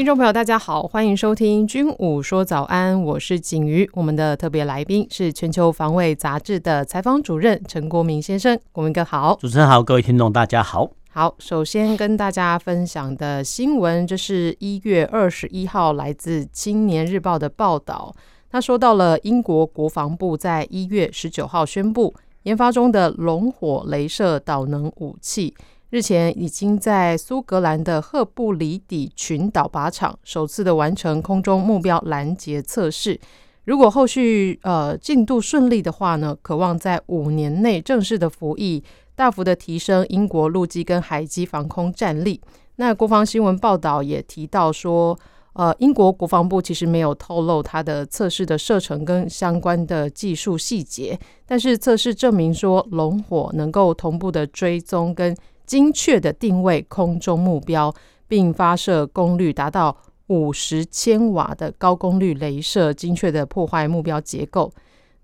聽眾朋友，大家好，歡迎收聽《軍武說早安》，我是景瑜。我們的特別來賓是《全球防衛雜誌》的採訪主任陳國銘先生，國銘哥好。主持人好，各位聽眾大家好。好，首先跟大家分享的新聞，這是一月二十一號來自《青年日報》的報道。他說到了英國國防部在一月十九號宣布，研發中的“龍火”雷射導能武器。日前已經在蘇格蘭的赫布里底群島靶場首次的完成空中目標攔截測試。如果後續呃進度順利的話呢，可望在五年內正式的服役，大幅的提升英國陸基跟海基防空戰力。那國防新聞報道也提到說，呃，英國國防部其實沒有透露它的測試的射程跟相關的技術細節，但是測試證明說，龍火能夠同步的追蹤跟精確的定位空中目標，並發射功率達到五十千瓦的高功率雷射，精確的破壞目標結構。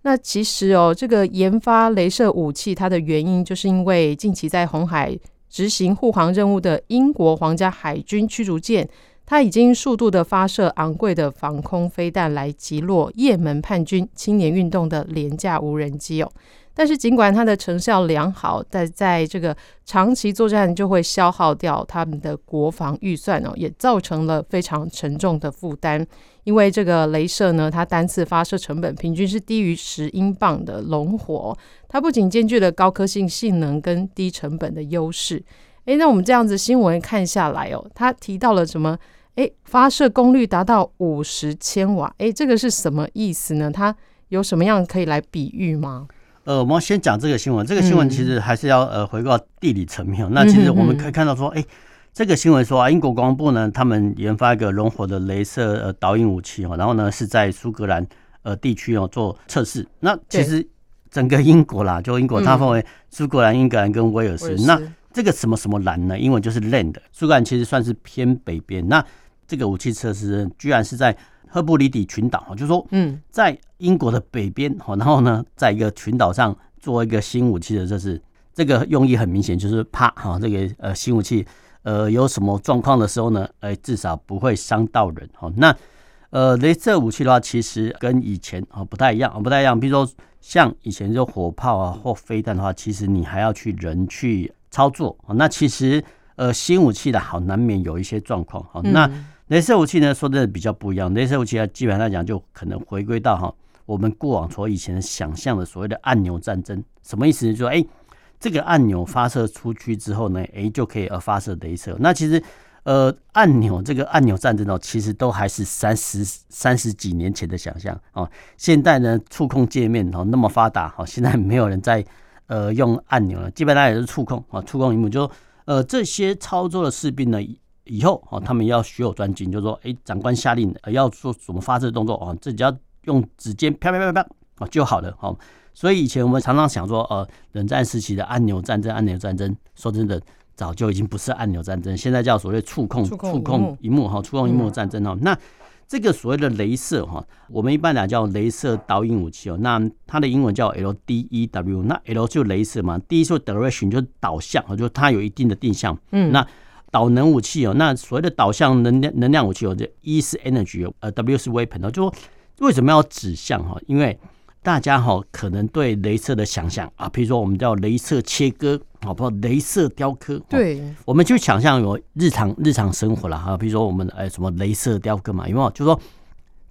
那其實哦，這個研發雷射武器，它的原因就是因為近期在紅海執行護航任務的英國皇家海軍驅逐艦，它已經數度的發射昂貴的防空飛彈來擊落葉門叛軍青年運動的廉價無人機哦。但是，儘管它的成效良好，但在這個長期作戰就會消耗掉他們的國防預算哦，也造成了非常沉重的負擔。因為這個雷射呢，它單次發射成本平均是低於十英鎊的龍火，它不僅兼具了高科技性性能跟低成本的優勢。哎，那我們這樣子新聞看下來哦，它提到了什麼？哎，發射功率達到五十千瓦，哎，這個是什麼意思呢？它有什麼樣可以來比喻嗎？呃，我們先講這個新聞。這個新聞其實還是要呃回到地理層面哦。嗯、那其實我們可以看到說，哎、嗯，這個新聞說啊，英國國防部呢，他們研發一個龍火的鐳射呃導引武器哦，然後呢是在蘇格蘭呃地區哦做測試。那其實整個英國啦，對就英國它分為蘇格蘭、嗯、英格蘭跟威爾士。那這個什麼什麼蘭呢？英文就是 land。蘇格蘭其實算是偏北邊。那這個武器測試居然是在。赫布里底群島啊，就是說，嗯，在英國的北邊，然後呢，在一個群島上做一個新武器的。這是這個用意很明顯，就是怕哈這個呃新武器呃有什麼狀況的時候呢，哎、欸，至少不會傷到人哈、喔。那呃，雷射武器的話，其實跟以前啊、喔、不太一樣，不太一樣。比如說像以前就火炮啊或飛彈的話，其實你還要去人去操作、喔、那其實呃新武器的好難免有一些狀況、喔、那、嗯雷射武器呢，說真的比較不一樣。雷射武器啊，基本上講就可能回歸到哈，我們過往所以前想象的所謂的按鈕戰爭，什麼意思呢？就哎、欸，這個按鈕發射出去之後呢，哎、欸、就可以呃發射雷射。那其實呃，按鈕這個按鈕戰爭呢，其實都還是三十三十幾年前的想象哦。現在呢，觸控界面哦那麼發達，好，現在沒有人在呃用按鈕了，基本上也是觸控啊，觸控螢幕就是、呃這些操作的士兵呢。以後他們要學有專精，就說，哎，長官下令，呃，要做什麼發射動作哦，自己要用指尖啪啪啪啪啪啊，就好了。所以以前我們常常想說，呃，冷戰時期的按鈕戰爭、按鈕戰爭，說真的，早就已經不是按鈕戰爭，現在叫所謂觸控、觸控螢幕哈，觸控螢幕戰爭哈。那這個所謂的雷射哈，我們一般來講叫雷射導引武器哦，那它的英文叫 LDEW，那 L 就雷射嘛，D 就 direction 就導向，它有一定的定向。嗯，那。導能武器哦，那所謂的導向能量能量武器哦，這 E 是 energy，呃，W 是 weapon 哦，就說為什麼要指向哈？因為大家哈可能對雷射的想象啊，比如說我們叫雷射切割，好不好？雷射雕刻，對，我們就想象有日常日常生活了哈，比如說我們哎什麼雷射雕刻嘛，因為就說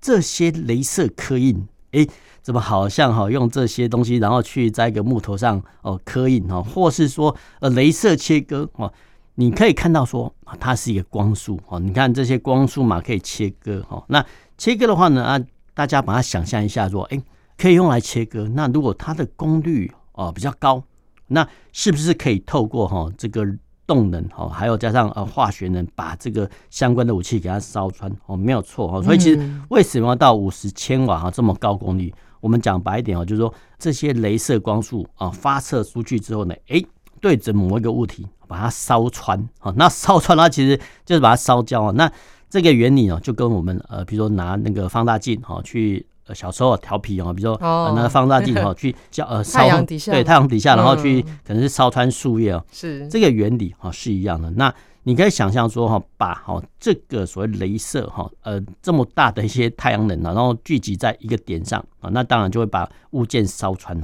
這些雷射刻印，哎、欸，怎麼好像哈用這些東西然後去在一個木頭上哦刻印哈，或是說呃雷射切割哦。你可以看到說啊，它是一個光束哦。你看這些光束嘛，可以切割哦。那切割的話呢啊，大家把它想象一下說，哎、欸，可以用來切割。那如果它的功率啊、哦、比較高，那是不是可以透過哈、哦、這個動能哦，還有加上呃化學能，把這個相關的武器給它燒穿哦？沒有錯哈、哦。所以其實為什麼要到五十千瓦啊這麼高功率？我們講白一點哦，就是說這些雷射光束啊發射出去之後呢，誒、欸，對着某一個物體。把它燒穿啊，那燒穿它其實就是把它燒焦啊。那這個原理呢，就跟我們呃，比如說拿那個放大鏡去小時候調皮啊，比如說拿放大鏡去燒呃、哦，太陽底下太陽底下，底下嗯、然後去可能是燒穿樹葉啊。是這個原理是一樣的。那你可以想象說哈，把好這個所謂雷射哈，呃，這麼大的一些太陽能啊，然後聚集在一個點上啊，那當然就會把物件燒穿。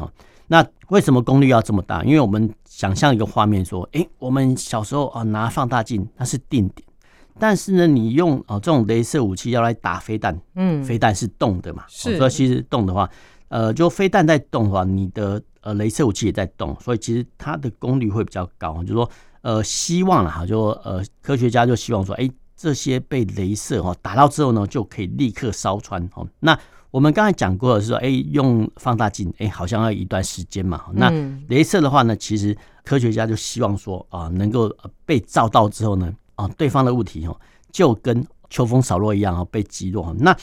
那為什麼功率要這麼大？因為我們想象一個畫面，說，哎，我們小時候啊拿放大鏡，它是定點，但是呢，你用啊這種雷射武器要來打飛彈，嗯，飛彈是動的嘛是、哦？所以其實動的話，呃，就飛彈在動的話，你的呃雷射武器也在動，所以其實它的功率會比較高。就是說，呃，希望啊，就呃科學家就希望說，哎，這些被雷射哈打到之後呢，就可以立刻燒穿哦。那我們剛才講過的是說，哎，用放大鏡，哎，好像要一段時間嘛。那雷射的話呢，其實科學家就希望說啊、呃，能夠被照到之後呢，啊、呃，對方的物體哦，就跟秋風掃落一樣啊、哦，被擊落。那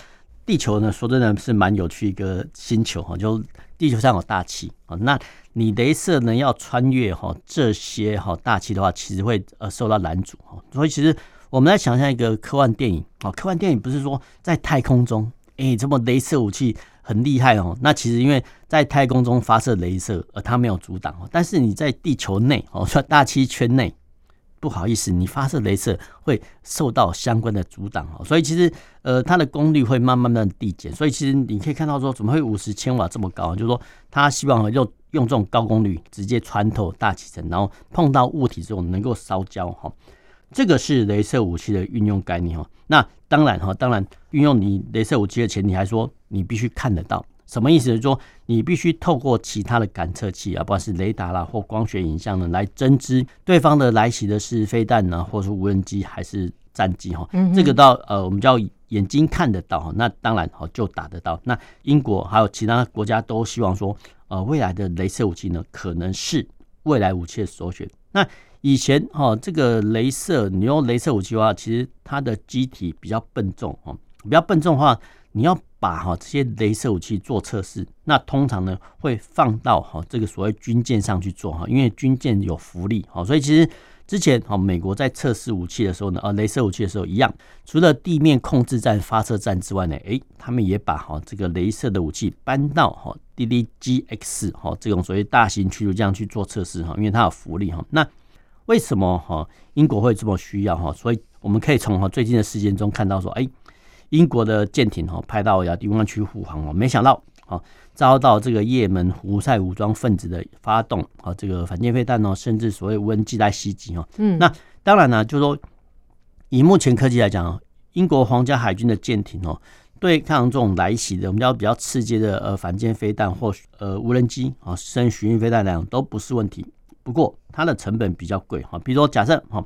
地球呢，說真的是蠻有趣一個星球啊、哦，就地球上有大氣啊、哦，那你雷射呢要穿越哈、哦、這些哈、哦、大氣的話，其實會呃受到攔阻、哦。所以其實我們來想象一個科幻電影啊、哦，科幻電影不是說在太空中。哎、欸，這麼雷射武器很厲害哦、喔。那其實因為在太空中發射雷射，而它沒有阻擋哦。但是你在地球內哦，大氣圈內，不好意思，你發射雷射會受到相關的阻擋哦。所以其實呃，它的功率會慢慢的遞減。所以其實你可以看到說，怎麼會五十千瓦這麼高、啊？就是說它希望用用這種高功率直接穿透大氣層，然後碰到物體之後能夠燒焦哈。這個是雷射武器的運用概念哦。那當然哈、哦，當然運用你雷射武器的前提，還說你必須看得到。什麼意思？就是說你必須透過其他的感測器啊，不管是雷達啦或光學影像呢，來偵知對方的來襲的是飛彈呢，或是無人機還是戰機哈、哦。嗯、哼這個到呃，我們叫眼睛看得到哈。那當然就打得到。那英國還有其他國家都希望說，呃，未來的雷射武器呢，可能是未來武器的首選。那以前哈，這個鐳射，你用鐳射武器的話，其實它的機體比較笨重哈，比較笨重的話，你要把哈這些鐳射武器做測試，那通常呢會放到哈這個所謂軍艦上去做哈，因為軍艦有浮力哈，所以其實之前哈美國在測試武器的時候呢，啊鐳射武器的時候一樣，除了地面控制站發射站之外呢，誒、欸，他們也把哈這個鐳射的武器搬到哈 DDGX 哈這種所謂大型驅逐艦去做測試哈，因為它有浮力哈，那。為什麼哈英國會這麼需要哈？所以我們可以從哈最近的事件中看到說，哎、欸，英國的艦艇哈派到亞丁灣區護航哦，沒想到啊遭到這個也門胡塞武裝分子的發動啊，這個反艦飛彈哦，甚至所謂無人機在襲擊哦。嗯，那當然呢、啊，就說以目前科技來講，英國皇家海軍的艦艇哦，對抗這種來襲的我們叫比較刺激的呃反艦飛彈或呃無人機啊，甚至巡弋飛彈兩種都不是問題。不過它的成本比較貴哈，比如說假設哈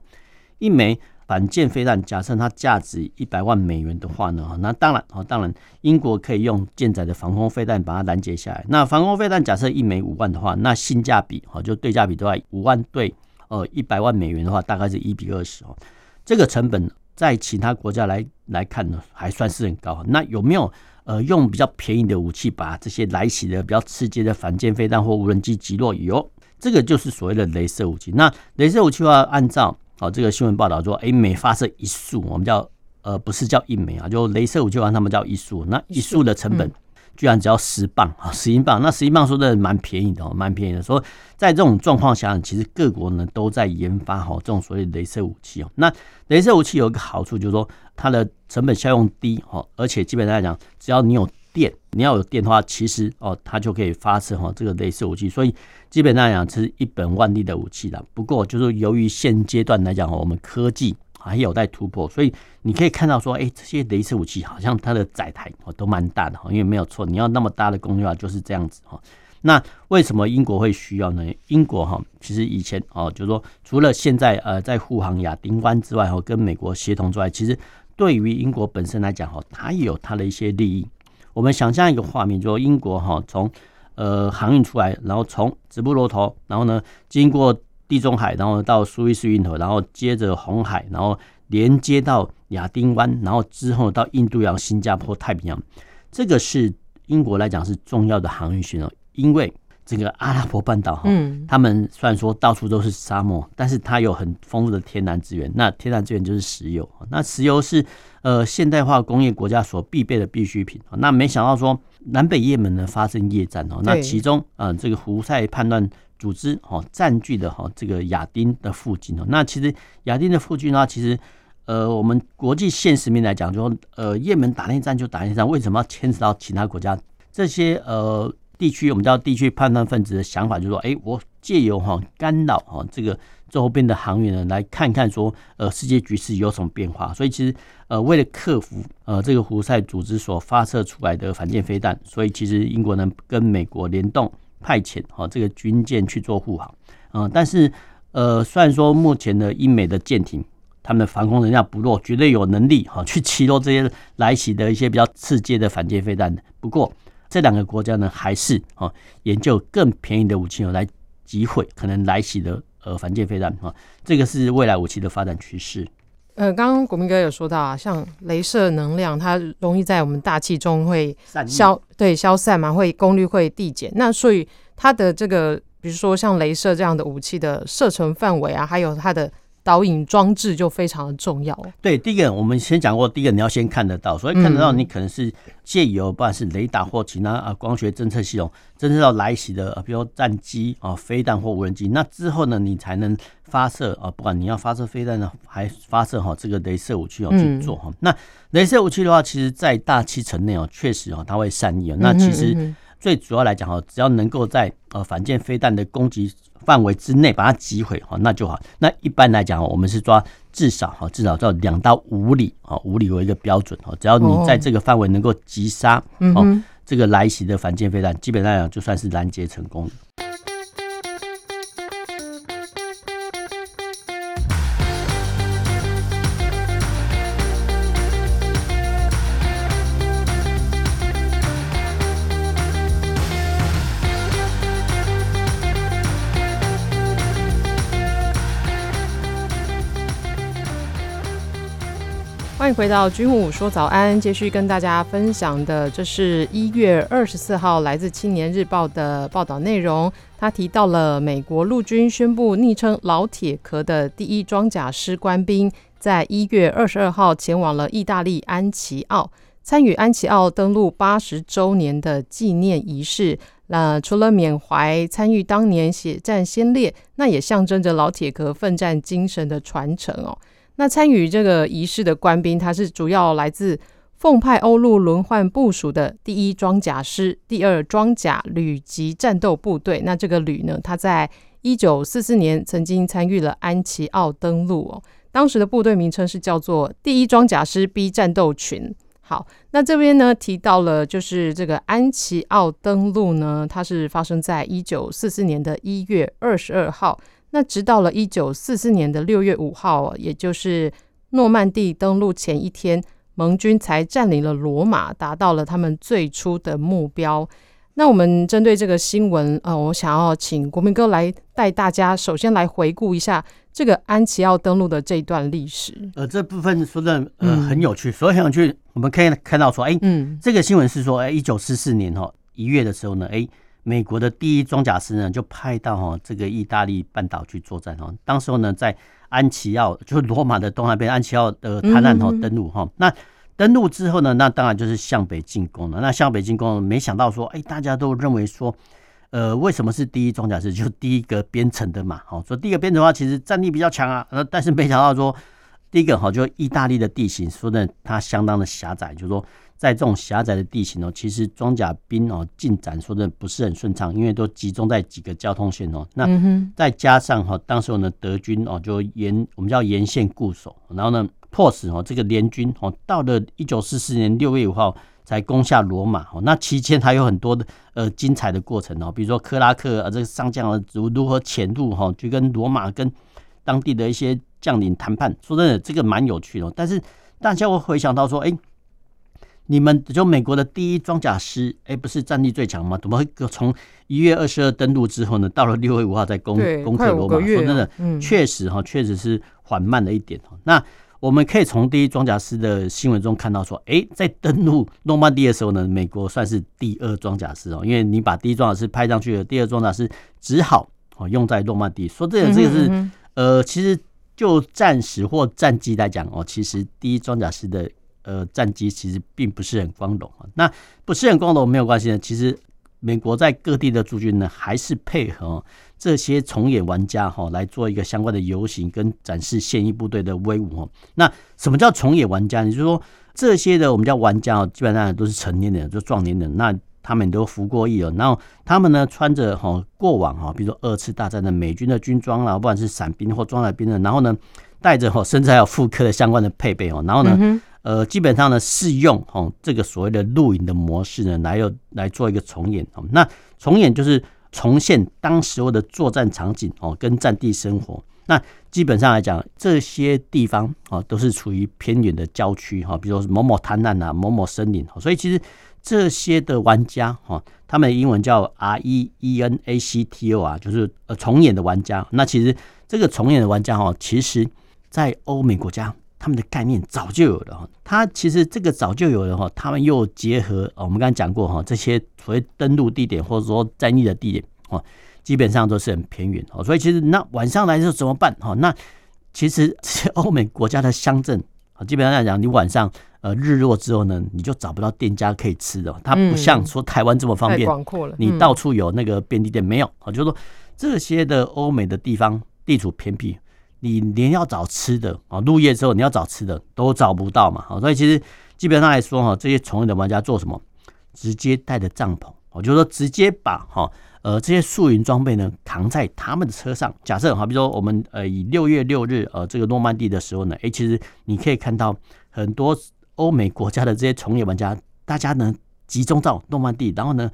一枚反艦飛彈，假設它價值一百萬美元的話呢，那當然哦，當然英國可以用艦載的防空飛彈把它攔截下來。那防空飛彈假設一枚五萬的話，那性價比哈就對價比的話，五萬對呃一百萬美元的話，大概是一比二十哦。這個成本在其他國家來來看呢，還算是很高。那有沒有呃用比較便宜的武器把這些來襲的比較刺激的反艦飛彈或無人機擊落？有。這個就是所謂的雷射武器。那雷射武器的話，按照啊、哦、這個新聞報道說，誒、欸，每發射一束，我們叫呃不是叫一枚啊，就雷射武器的話，他們叫一束。那一束的成本居然只要十磅啊，十英鎊。那十英鎊說真的蠻便宜的哦，蠻便宜的。所以在這種狀況下，其實各國呢都在研發哈、哦、這種所謂雷射武器哦。那雷射武器有一個好處，就是說它的成本效用低哦，而且基本上來講，只要你有電，你要有電的話，其實哦，它就可以發射哈、哦、這個雷射武器，所以基本上來講這是一本萬利的武器的。不過就是由於現階段來講，哦、我們科技還有待突破，所以你可以看到說，哎，這些雷射武器好像它的載台哦都蠻大的哈、哦，因為沒有錯，你要那麼大的功率啊，就是這樣子哈、哦。那為什麼英國會需要呢？英國哈、哦，其實以前哦，就是說除了現在呃在護航亞丁灣之外哈、哦，跟美國協同之外，其實對於英國本身來講哈、哦，它也有它的一些利益。我們想象一個畫面，就英國哈從呃航運出來，然後從直布羅陀，然後呢經過地中海，然後到蘇伊士運河，然後接着紅海，然後連接到亞丁灣，然後之後到印度洋、新加坡、太平洋。這個是英國來講是重要的航運線路，因為這個阿拉伯半島哈，他、嗯、們雖然說到處都是沙漠，但是它有很豐富的天然資源。那天然資源就是石油，那石油是。呃，現代化工業國家所必備的必需品啊，那沒想到說南北也門呢發生內戰哦，那其中啊這個胡塞叛亂組織哦占據的哈這個亞丁的附近哦，那其實亞丁的附近呢，其實呃我們國際現實面來講，就說呃也門打內戰就打內戰，為什麼要牽扯到其他國家這些呃地區？我們叫地區叛亂分子的想法就是說，哎、欸，我借由哈干擾哈這個。最後邊的航員呢，來看看說，呃，世界局勢有什麼變化？所以其實，呃，為了克服呃這個胡塞組織所發射出來的反艦飛彈，所以其實英國呢跟美國聯動派遣哈、哦、這個軍艦去做護航、呃。但是呃，雖然說目前的英美的艦艇，他們的防空能力不弱，絕對有能力哈、哦、去擊落這些來襲的一些比較刺激的反艦飛彈。不過，這兩個國家呢還是哈、哦、研究更便宜的武器來擊毀可能來襲的。呃，反艦飛彈啊，這個是未來武器的發展趨勢。呃，剛剛國銘哥有說到啊，像雷射能量，它容易在我們大氣中會消，散力，對，消散嘛，會功率會遞減。那所以它的這個，比如說像雷射這樣的武器的射程範圍啊，還有它的。導引裝置就非常的重要，欸。對，第一個我們先講過，第一個你要先看得到，所以看得到你可能是借由、嗯、不管是雷達或其他啊光學偵測系統，偵測到來襲的，比如說戰機啊、飛彈或無人機。那之後呢，你才能發射啊，不管你要發射飛彈呢，還發射好這個雷射武器要去做哈。嗯、那雷射武器的話，其實在大氣層內哦，確實哦，它會散逸。那其實最主要來講哦，只要能夠在呃反艦飛彈的攻擊範圍之內把它擊毀好，那就好。那一般來講，我們是抓至少哈，至少到兩到五里啊，五里為一個標準啊。只要你在這個範圍能夠擊殺哦，oh. 這個來襲的反艦飛彈，基本上就算是攔截成功的回到軍武說早安，接續跟大家分享的，這是一月二十四號來自《青年日報》的報道內容。他提到了美國陸軍宣布，昵稱“老鐵殼”的第一裝甲師官兵，在一月二十二號前往了意大利安奇奧，參與安奇奧登陸八十周年的紀念儀式。那、呃、除了緬懷參與當年血戰先烈，那也象徵着“老鐵殼”奮戰精神的傳承哦。那參與這個儀式的官兵，他是主要來自奉派歐陸輪換部署的第一裝甲師，第二裝甲旅級戰鬥部隊。那這個旅呢，他在一九四四年曾經參與了安奇奧登陸哦。當時的部隊名稱是叫做第一裝甲師 B 戰鬥群。好，那這邊呢，提到了，就是這個安奇奧登陸呢，它是發生在一九四四年的一月二十二號。那直到了一九四四年的六月五號，也就是諾曼底登陸前一天，盟軍才占領了羅馬，達到了他們最初的目標。那我們針對這個新聞，呃，我想要請國民哥來帶大家首先來回顧一下這個安奇奧登陸的這一段歷史。呃，這部分說的，呃，很有趣，所以很有趣，我們可以看到說，哎，嗯，這個新聞是說，哎，一九四四年哈一、哦、月的時候呢，哎。美國的第一裝甲師呢，就派到哈這個意大利半島去作戰哦。當時呢，在安奇奧，就是羅馬的東南邊，安奇奧的海灘頭登陸哈。嗯嗯，那登陸之後呢，那當然就是向北進攻了。那向北進攻，沒想到說，哎、欸，大家都認為說，呃，為什麼是第一裝甲師？就第一個編成的嘛。好，說第一個編成的話，其實戰力比較強啊、呃。但是沒想到說。第一個哈，就意大利的地形說呢，它相當的狹窄，就是說在這種狹窄的地形哦，其實裝甲兵哦進展說的不是很順暢，因為都集中在幾個交通線哦。那再加上哈，當時我們德軍哦就沿我們叫沿線固守，然後呢迫使哦這個聯軍哦到了一九四四年六月五號才攻下羅馬。那期間它有很多的呃精彩的過程哦，比如說克拉克啊這個上將啊如如何潛入哈，就跟羅馬跟。當地的一些將領談判，說真的，這個蠻有趣的。但是大家會回想到說，哎、欸，你們就美國的第一裝甲師，哎、欸，不是戰力最強嗎？怎麼會從一月二十二登陸之後呢，到了六月五號再攻對攻克羅馬？哦、說真的，確、嗯、實哈，確實是緩慢了一點。那我們可以從第一裝甲師的新聞中看到說，哎、欸，在登陸諾曼第的時候呢，美國算是第二裝甲師哦，因為你把第一裝甲師派上去了，第二裝甲師只好用在諾曼第。說真的，這個是。嗯哼嗯哼呃，其實就戰史或戰績來講哦，其實第一裝甲師的呃戰績其實並不是很光榮啊。那不是很光榮沒有關係的，其實美國在各地的駐軍呢，還是配合這些從業玩家哈來做一個相關的遊行跟展示現役部隊的威武。那什麼叫從業玩家？也就是說這些的我們叫玩家哦，基本上都是成年人，就壯年人那。他們都服過役了，然後他們呢穿着哈、哦、過往哈，比如說二次大戰的美軍的軍裝啊，不管是傘兵或裝甲兵的，然後呢帶着哈甚至還有復刻的相關的配備哦，然後呢、嗯、哼呃基本上呢試用哦這個所謂的露營的模式呢來有來做一個重演、哦，那重演就是重現當時候的作戰場景哦跟戰地生活。那基本上來講，這些地方哦都是處於偏遠的郊區哈、哦，比如說某某灘岸啊、某某森林，哦、所以其實。這些的玩家哈，他們英文叫 R E E N A C T O 啊，就是呃重演的玩家。那其實這個重演的玩家哈，其實在歐美國家，他們的概念早就有了。他其實這個早就有了哈，他們又結合我們剛才講過哈，這些所謂登陸地點或者說戰役的地點哦，基本上都是很偏遠哦，所以其實那晚上來的時候怎麼辦哈？那其實這些歐美國家的鄉鎮。基本上來講，你晚上呃日落之後呢，你就找不到店家可以吃的。嗯、它不像說台灣這麼方便，太廣闊了，你到處有那個便利店，嗯、沒有啊？就是說這些的歐美的地方地處偏僻，你連要找吃的啊、哦，入夜之後你要找吃的都找不到嘛。哦、所以其實基本上來說哈、哦，這些窮人的玩家做什麼，直接帶着帳篷，我、哦、就是、說直接把哈。哦呃，這些露營裝備呢，扛在他們的車上。假設哈，比如說我們呃，以六月六日呃，這個諾曼底的時候呢，誒、欸，其實你可以看到很多歐美國家的這些重演玩家，大家呢集中到諾曼底，然後呢，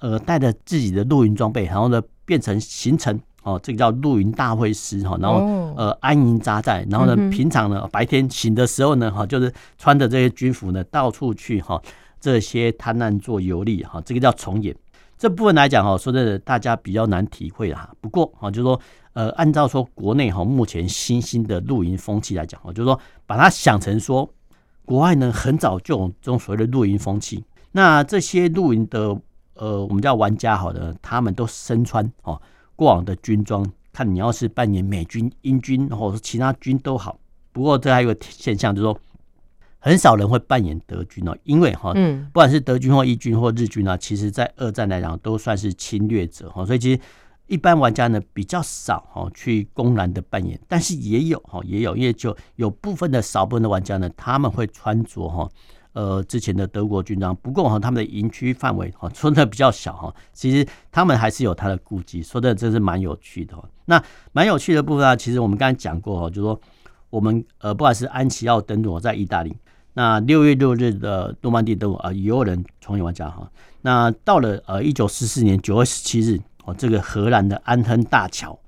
呃，帶着自己的露營裝備，然後呢變成行程，哦，這個叫露營大會師哈、哦，然後、哦、呃安營扎寨，然後呢平常呢白天醒的時候呢哈，嗯、哼就是穿着這些軍服呢到處去哈、哦、這些灘岸做遊歷哈，這個叫重演。這部分來講哦，說真的，大家比較難體會啦。不過啊，就是說呃，按照說國內哈目前新興的露營風氣來講，哦，就是說把它想成說國外呢很早就有這種所謂的露營風氣。那這些露營的呃，我們叫玩家好的，他們都身穿哦過往的軍裝，看你要是扮演美軍、英軍或者是其他軍都好。不過這還有個現象，就是說。很少人會扮演德軍哦，因為哈，不管是德軍或意軍或日軍呢，嗯、其實，在二戰來講都算是侵略者哈，所以其實一般玩家呢比較少哈去公然的扮演，但是也有哈也有，因為就有部分的少部分的玩家呢，他們會穿着哈呃之前的德國軍裝，不過哈他們的營區範圍哈穿的比較小哈，其實他們還是有他的顧忌，說真的真是蠻有趣的哈。那蠻有趣的部分啊，其實我們剛才講過哈，就是說我們呃不管是安奇奧登陸在意大利。那六月六日的諾曼底登陸啊，也有人創意玩家哈。那到了呃一九四四年九月十七日，哦，這個荷蘭的安亨大橋，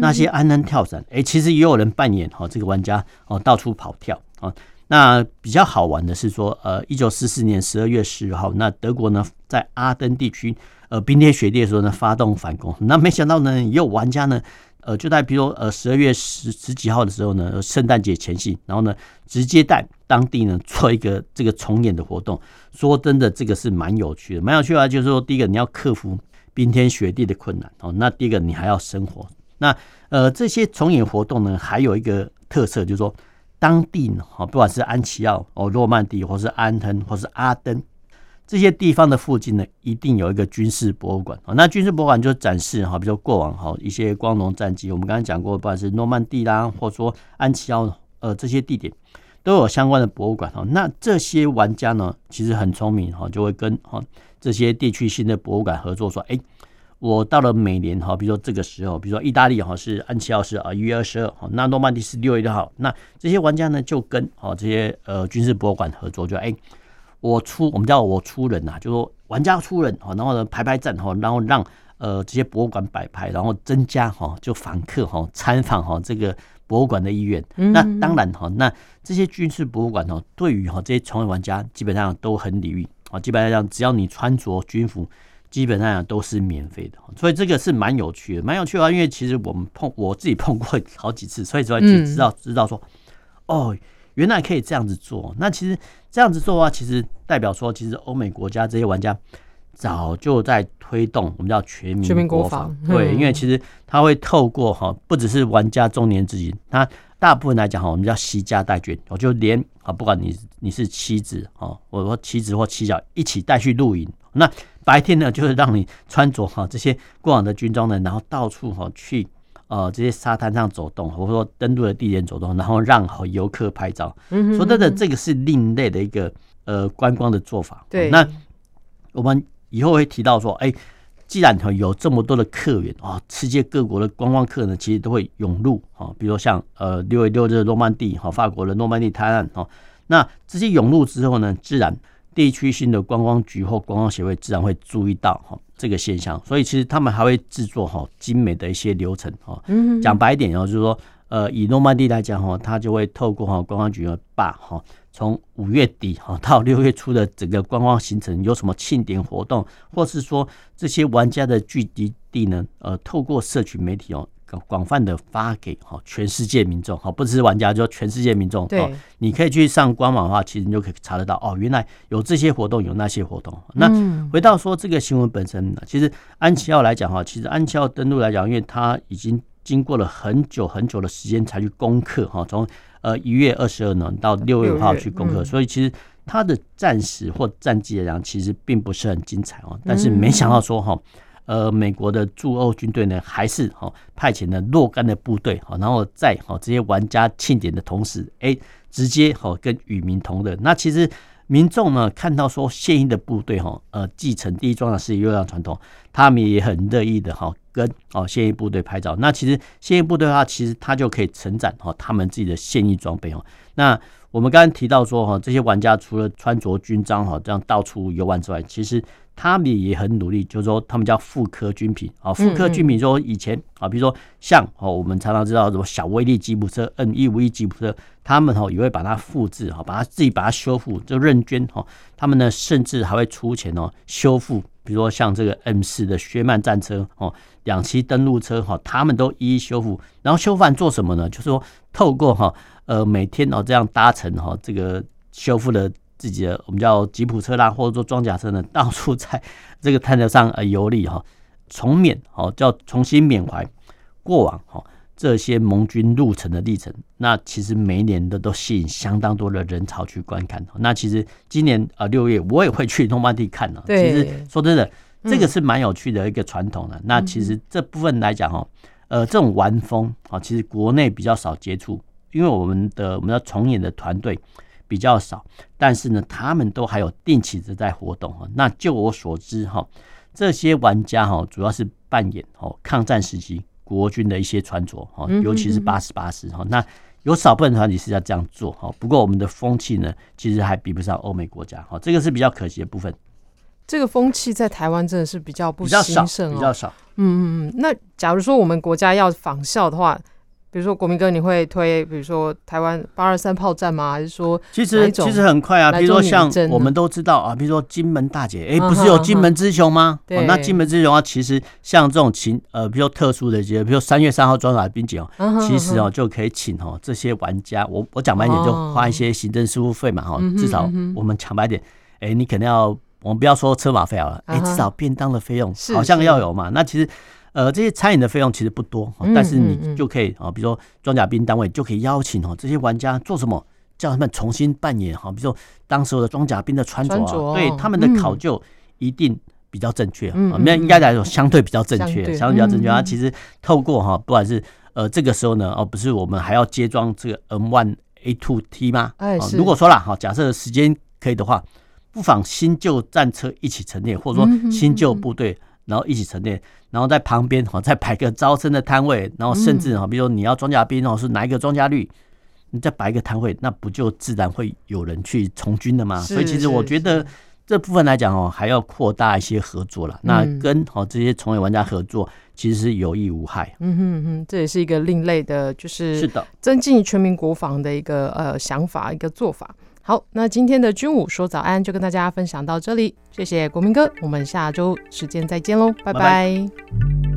那些安亨跳傘，哎、欸，其實也有人扮演哈這個玩家哦，到處跑跳啊。那比較好玩的是說，呃，一九四四年十二月十號，那德國呢在阿登地區，呃，冰天雪地的時候呢發動反攻，那沒想到呢也有玩家呢。呃，就在比如說呃十二月十十幾號的時候呢，聖誕節前夕，然後呢，直接帶當地呢做一個這個重演的活動。說真的，這個是蠻有趣的，蠻有趣的話就是說，第一個你要克服冰天雪地的困難哦。那第一個你還要生活。那呃，這些重演活動呢，還有一個特色就是說，當地呢，哦、不管是安奇奧哦、諾曼底，或是安藤或是阿登。這些地方的附近呢，一定有一個軍事博物館啊。那軍事博物館就展示哈，比如說過往哈一些光榮戰績。我們剛才講過，不管是諾曼第啦，或者說安奇奧呃這些地點，都有相關的博物館。那這些玩家呢，其實很聰明哈，就會跟哈這些地區性的博物館合作，說：哎、欸，我到了每年哈，比如說這個時候，比如說意大利哈是安奇奧是啊一月二十二哈，那諾曼第是六月六號哈。那這些玩家呢，就跟哦這些呃軍事博物館合作，就哎。欸我出，我們叫我出人吶、啊，就是、說玩家出人哈，然後呢排排站哈，然後讓呃這些博物館擺拍，然後增加哈就訪客哈參訪哈這個博物館的意願。嗯、那當然哈，那這些軍事博物館哦，對於哈這些傳統玩家基本上都很禮遇啊，基本上只要你穿着軍服，基本上都是免費的。所以這個是蠻有趣的，蠻有趣的啊，因為其實我們碰我自己碰過好幾次，所以說知道、嗯、知道說哦。原來可以這樣子做，那其實這樣子做的、啊、話，其實代表說，其實歐美國家這些玩家早就在推動，我們叫全民全民國防，對，因為其實他會透過哈，嗯、不只是玩家中年自己他大部分來講哈，我們叫攜家帶眷，我就連啊，不管你你是妻子啊，或者說妻子或妻小一起帶去露營，那白天呢，就是讓你穿着哈這些過往的軍裝呢，然後到處哈去。呃，這些沙灘上走動，或者說登陸的地點走動，然後讓遊客拍照。嗯哼嗯哼，說真的，這個是另類的一個呃觀光的做法。對、哦，那我們以後會提到說，哎、欸，既然有這麼多的客源啊、哦，世界各國的觀光客人呢，其實都會湧入啊、哦。比如說像呃，六月六日的諾曼底哈、哦，法國的諾曼底海岸。啊、哦，那這些湧入之後呢，自然地區性的觀光局或觀光協會自然會注意到哈。哦這個現象，所以其實他們還會制作好、啊、精美的一些流程哈、啊。嗯、哼講白一點哦、啊，就是說，呃，以諾曼底來講哈、啊，他就會透過哈、啊、觀光局的把哈、啊，從五月底哈、啊、到六月初的整個觀光行程有什麼慶典活動，嗯、哼或是說這些玩家的聚集地呢？呃，透過社群媒體哦、啊。廣泛的發給哈，全世界民眾哈，不只是玩家，就全世界民眾。對、哦，你可以去上官網的話，其實你就可以查得到哦。原來有這些活動，有那些活動。嗯、那回到說這個新聞本身，其實安奇奧來講哈，其實安奇奧登陸來講，因為它已經經過了很久很久的時間才去攻克哈，從呃一月二十二呢到六月五號去攻克。嗯、所以其實他的戰史或戰績來講，其實並不是很精彩哦。但是沒想到說哈。嗯呃，美國的駐歐軍隊呢，還是哈、哦、派遣了若干的部隊哈、哦，然後在哈、哦、這些玩家慶典的同時，哎、欸，直接哈、哦、跟與民同樂。那其實民眾呢看到說現役的部隊哈、哦，呃，繼承第一裝甲師優良傳統，他們也很樂意的哈、哦、跟哦現役部隊拍照。那其實現役部隊的話，其實他就可以承載哈他們自己的現役裝備哈、哦。那我們剛才提到說哈，這些玩家除了穿着軍裝哈，這樣到處遊玩之外，其實他們也很努力，就是說他們叫複刻軍品啊，複刻軍品。說以前啊，比如說像哦，我們常常知道什麼小威力吉普車、M 一五一吉普車，他們哈也會把它複制哈，把它自己把它修復，就認捐哈他們呢，甚至還會出錢哦，修復，比如說像這個 M 四的薛曼戰車哈兩棲登陸車哈，他們都一一修復。然後修復完做什麼呢？就是說透過哈。呃，每天哦，這樣搭乘哈、哦，這個修復了自己的我們叫吉普車啦，或者說裝甲車呢，到處在這個灘頭上呃遊歷哈、哦，重緬哦叫重新緬懷過往、哦、這些盟軍入城的歷程。那其實每一年的都吸引相當多的人潮去觀看。那其實今年啊、呃、六月我也會去諾曼底看了、哦。其實說真的，這個是蠻有趣的一個傳統的。那其實這部分來講、哦、呃，這種玩風其實國內比較少接觸。因為我們的我們要重演的團隊比較少，但是呢，他們都還有定期的在活動哈。那就我所知哈，這些玩家哈，主要是扮演哈，抗戰時期國軍的一些穿着哈，尤其是八十八師哈。那有少部分的團體是要這樣做哈。不過我們的風氣呢，其實還比不上歐美國家哈，這個是比較可惜的部分。這個風氣在台灣真的是比較不興盛，比較少，比較少。嗯嗯嗯。那假如說我們國家要仿效的話。比如說國民哥，你會推比如說台灣八二三炮戰嗎？還是說其實其實很快啊？比如說像我們都知道啊，比如說金門大姐，哎、欸，啊、哈不是有金門之雄嗎？那金門之雄啊，其實像這種情，呃，比較特殊的一些，比如三月三號裝甲兵節哦，其實哦、啊、哈就可以請哦這些玩家。啊、哈我我講白點，啊、哈就花一些行政事務費嘛哈。至少我們講白點，哎、欸，你肯定要我們不要說車馬費好了，哎、啊哈欸，至少便當的費用好像要有嘛。是是那其實，呃，這些餐飲的費用其實不多，但是你就可以啊，比如說裝甲兵單位就可以邀請哈這些玩家做什麼，叫他們重新扮演哈，比如說當時的裝甲兵的穿着，對、哦、他們的考究一定比較正確，那、嗯、應該來說相對比較正確、嗯嗯嗯，相對比較正確。它其實透過哈，不管是呃這個時候呢，哦、啊、不是我們還要接裝這個 M1A2T 嗎？哎，是。如果說了哈，假設時間可以的話，不妨新舊戰車一起陳列，或者說新舊部隊、嗯嗯嗯、然後一起陳列。然後在旁邊哈、哦，再擺個招生的攤位，然後甚至啊、哦，比如說你要裝甲兵，哦，是哪一個裝甲旅，你再擺一個攤位，那不就自然會有人去從軍了嘛？所以其實我覺得這部分來講哦，還要擴大一些合作了。那跟哦這些從業玩家合作，其實是有益無害。嗯哼哼，這也是一個另類的，就是是的，增進全民國防的一個呃想法，一個做法。好，那今天的軍武說早安就跟大家分享到這裡，謝謝國銘哥，我們下週時間再見嘍，拜拜。拜拜。